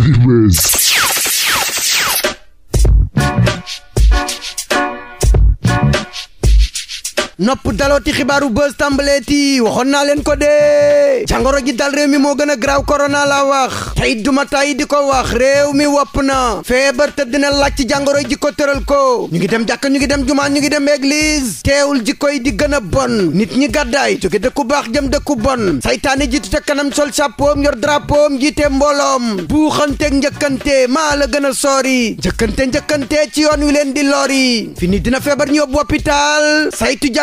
Heavy Mess. nopp dalooti xibaaru buzz tàmbaleeti waxoon naa leen ko dee jàngoro ji dal réew mi moo gën a graaw korona la wax tey duma tay di ko wax réew mi wopp na feebar te dina laaj ci jàngoro ji ko tëral ko ñu ngi dem jàkk ñu ngi dem jumaa ñu ngi dem église teewul ji koy di gën a bon nit ñi gàddaay jóge dëkku baax jëm dëkku bon saytaane jiitu ca kanam sol chapeau yor drapeau jiite mbooloom buuxante njëkkante maa la gën a soori njëkkante njëkkante ci yoon wi leen di lori fini dina feebar ñu yóbbu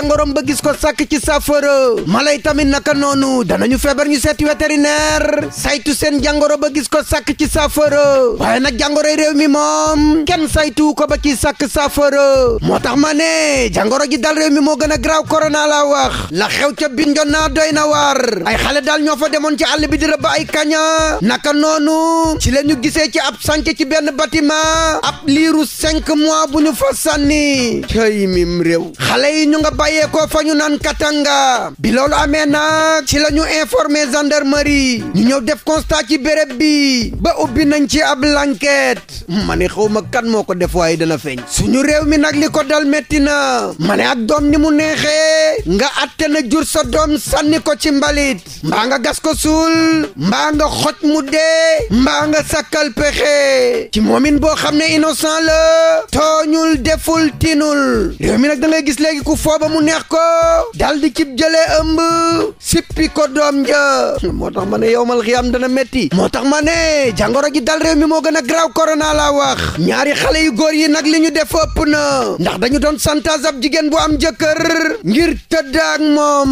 jàngoroom ba gis ko sàkk ci saafara mala yi tamit naka noonu danañu feebar ñu seeti vétérinaire saytu seen jàngoro ba gis ko sàkk ci saafara waaye nag réew mi moom kenn saytu ko ba ci sàkk saafara moo tax ma ne jàngoro ji dal réew mi moo gën a graaw korona laa wax la xew ca Bignona doy na waar ay xale daal ñoo fa demoon ci àll bi di rëbb ay kaña naka noonu ci leen ñu gisee ci ab sànc ci benn bâtiment ab liiru cinq mois bu ñu fa sànni cay réew xale ñu nga bàyyi bàyyee fa ñu nan Katanga bi loolu amee nag ci la ñu informé gendarmerie ñu ñëw def constat ci béréb bi ba ubbi nañ ci ab l'enquête ma ne xaw ma kan moo ko def waaye dana feeñ suñu réew mi nag li ko dal métti na ma ne ak doom ni mu neexee nga atte na jur sa doom sànni ko ci mbalit mbaa nga gas ko suul mbaa nga xoj mu dee mbaa nga sakkal pexe ci moomin boo xam ne innocent la tooñul deful tinul réew mi nag da gis léegi ku foo mu mu neex ko dal di cib jëlee ëmb sippi ko doom ja moo tax ma ne yowmal xiyaam dana metti moo tax ma ne jàngoro ji dal réew mi moo gën a graw korona laa wax ñaari xale yu góor yi nag li ñu def ëpp na ndax dañu doon santaas ab jigéen bu am jëkkër ngir tëdd ak moom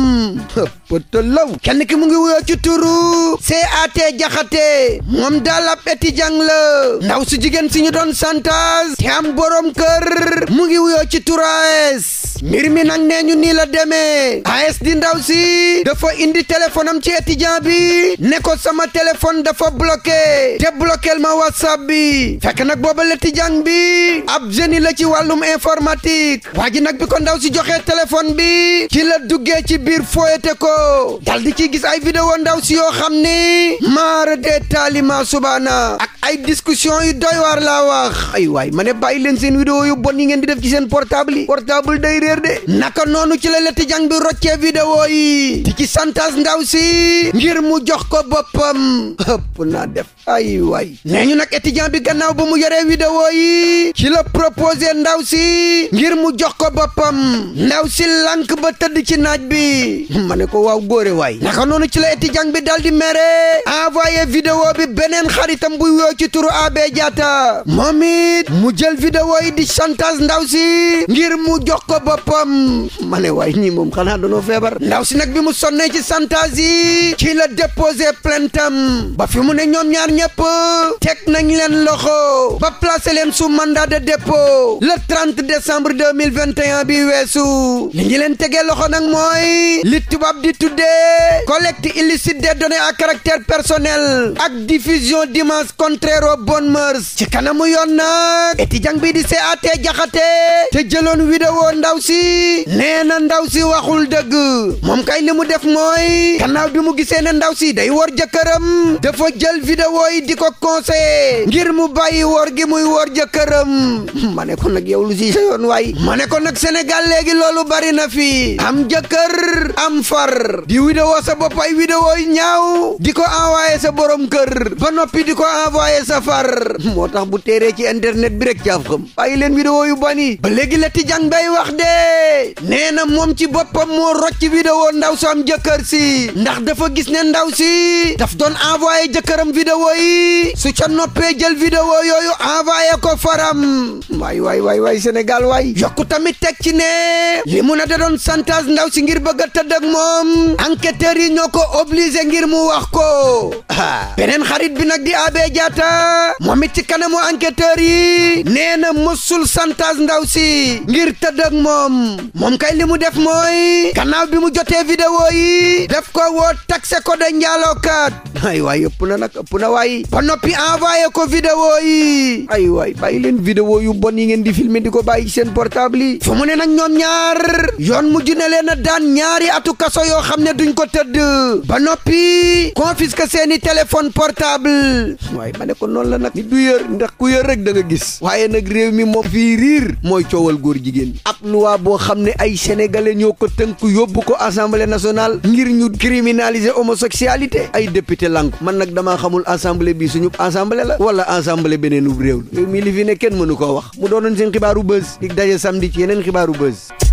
pëtalaw kenn ki mu ngi wuyoo ci turu CAT jaxate moom daal ab étudiant la ndaw su jigéen si ñu doon santaas te am borom kër mu ngi wuyoo ci turaes mbir mi nag nee ñu nii la demee AS ndaw si dafa indi téléphone am ci étudiant bi ne ko sama téléphone dafa bloqué te bloqueel ma whatsapp bi fekk nag booba l'étudiant bi ab génie la ci wàllum informatique waa ji nag bi ko ndaw si joxe téléphone bi ci la duggee ci biir fooyate ko dal ci gis ay vidéo ndaw si yoo xam ni maara dee taalima subaana ak ay discussion yu doy waar laa wax ay waay ma ne bàyyi leen seen yu bon yi ngeen di def ci seen portable yi portable day réer de naka noonu ci la letti jang bi roccee vidéo di ci santas ndaw si ngir mu jox ko boppam ëpp naa def ay waay nee ñu nag étudiant bi gannaaw ba mu yoree vidéo yi la proposé ndaw si ngir mu jox ko boppam ndaw si lank ba tëdd ci naaj bi ma ne ko waaw góore waay naka noonu ci la étudiant bi daal mere envoyé vidéo beneen xaritam buy woo ci jaata moom mu jël vidéo yi di santas ndaw si ngir mu jox ko boppam ma ne waay ñii moom xanaa danoo feebar ndaw si nag bi mu sonnee ci santage yi ci la déposé plainte am ba fi mu ne ñoom ñaar ñëpp teg nañ leen loxo ba placé leen sous mandat de dépôt le 30 décembre 2021 bi weesu li ñu leen tegee loxo nag mooy li tubaab di tuddee collecte illicite des données a caractère personnel ak diffusion d'images contraires aux bonnes mœurs ci kanamu yoon nag étudiant bi di CAT jaxate te jëloon vidéo ndaw si nee na ndaw si waxul dëgg moom kay li mu def mooy gannaaw bi mu gisee ne ndaw si day wor jëkkëram dafa jël vidéo yi di ko conseillé ngir mu bàyyi wor gi muy wor jëkkëram ma ne ko nag yow lu si sa yoon waay ma ne ko nag Sénégal léegi loolu bari na fi am jëkkër am far di vidéo sa bopp ay vidéo yi ñaaw di ko envoyé sa borom kër ba noppi di ko envoyé sa far moo tax bu téeree ci internet bi rek jaaf xam bàyyi leen vidéo yu bani ba léegi la Tidjane nee na moom ci boppam moo rocc vidéo ndaw su am jëkkër si ndax dafa gis ne ndaw si daf doon envoyé jëkkëram vidéo yi su ca noppee jël vidéo yooyu envoyé ko faram waay waay waay waay Sénégal yokku tamit teg ci ne li mu na da doon santage ndaw si ngir bëgg a moom enquêteurs yi ñoo ko obligé ngir mu wax ko beneen xarit bi di abe jaata moom it ci kanamu enquêteurs yi nee mësul santage ndaw si ngir tëdd moom moom moom kay li mu def mooy gannaaw bi mu jotee vidéo yi def ko woo taxe ko de njaalookat ay waay ëpp na nag ëpp na waaye ba noppi envoyé ko vidéo yi ay waay bàyyi leen vidéo yu bon yi ngeen di mi di ko bàyyi seen portable yi fu mu ne nag ñoom ñaar yoon mujj na leen a daan ñaari atu kaso yoo xam ne duñ ko tëdd ba noppi confisque seeni téléphone portable waaye ma ne ko noonu la nag nit du yër ndax ku yër rek da nga gis waaye nag réew mi moom fii riir mooy coowal góor jigéen ab loi boo xam ne ay sénégalais ñoo ko tënk yóbbu ko assemblée nationale ngir ñu criminaliser homosexualité ay député lank man nag damaa xamul assemblée bi suñu assemblée la wala assemblée beneenub réew la yow mii li fi ne kenn mënu koo wax mu doonoon seen xibaaru buzz dig daje samedi ci yeneen xibaaru buzz